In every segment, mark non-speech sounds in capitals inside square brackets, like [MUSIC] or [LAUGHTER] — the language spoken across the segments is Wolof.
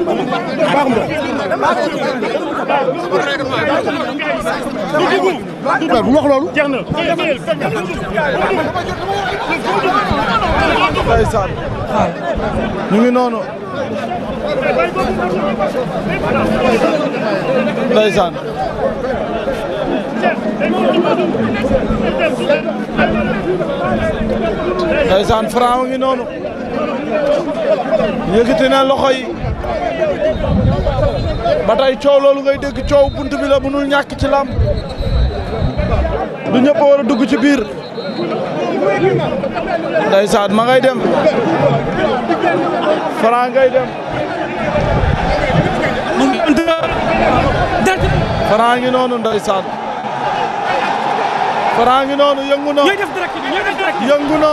bu wax loolu jeex na ndeysaan ñu ngi noonu ndeysaan ndeysaan ngi noonu yëkkati na loxo yi ba coow loolu ngay dégg coow bunt bi la mënul ñàkk ci làmb du ñëpp war a dugg ci biir ndeysaan ma ngay dem Franc ngay dem Franc ngi noonu ndeysaan Franc ngi noonu yëngu na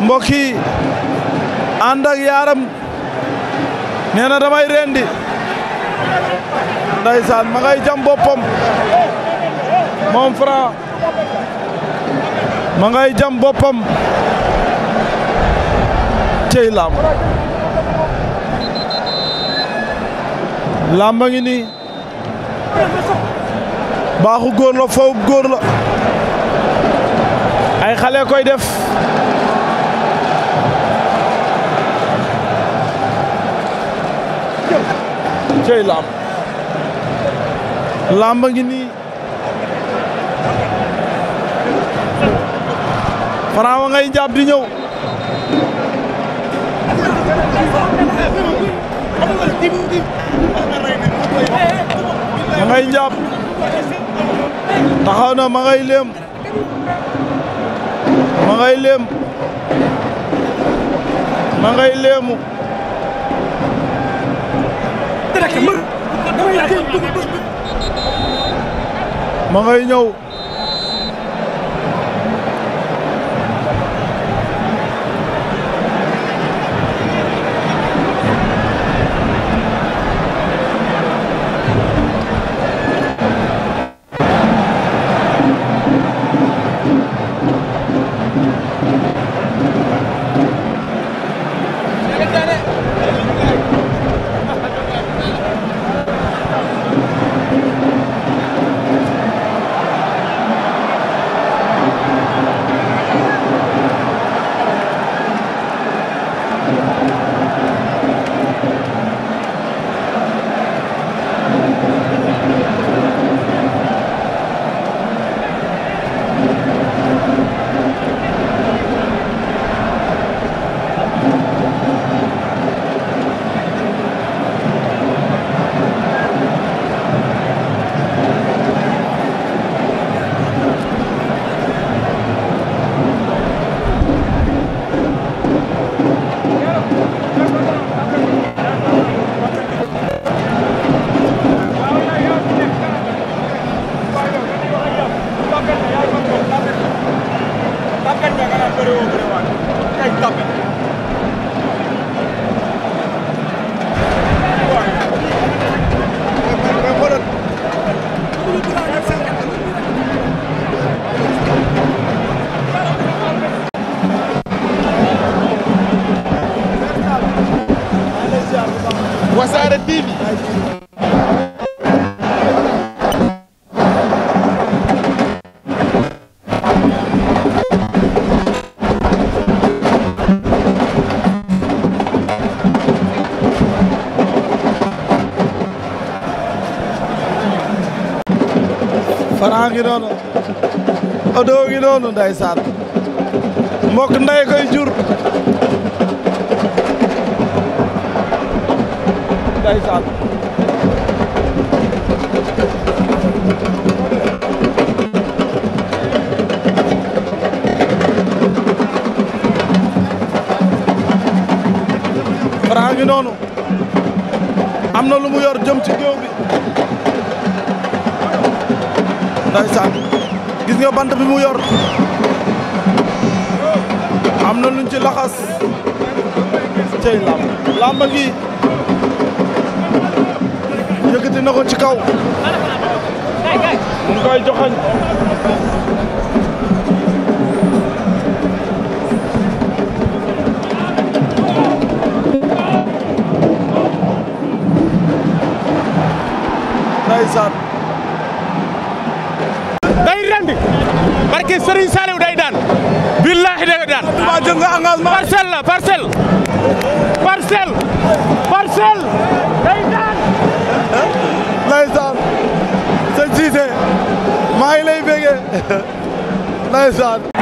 mbokk yi ànd ak yaaram nee na damay rendi ndaysaan ma ngay jam boppam moom Franc ma ngay jam boppam cey làmb làmb ngi ni baaxu góor la foofu góor la ay xale koy def cey làmb nii Franc ngay jàpp di ñëw ma ngay jàpp taxaw na ma ngay léem ma ngay léem ma ngay léemu ma ngay ñëw bibi Franc ngi noonu Odo ngi noonu ndeysaan koy jur ndeysaan Franc noonu am na lu mu yor jëm ci géew bi ndeysaan gis nga bant bi mu yor am na luñ ci laxas cey lamb lamb gi yëkkati na ko ci kaw. mu ngi koy joxoñ. ndeysaan. day rendi barke Serigne Saliou day daan. billahi day daan. waaw jël nga engagement. parcelle la parcelle. parcelle. parcelle. day daan. ndeysaan sëñ Cissé maa ngi lay bégee [LAUGHS] ndeysaan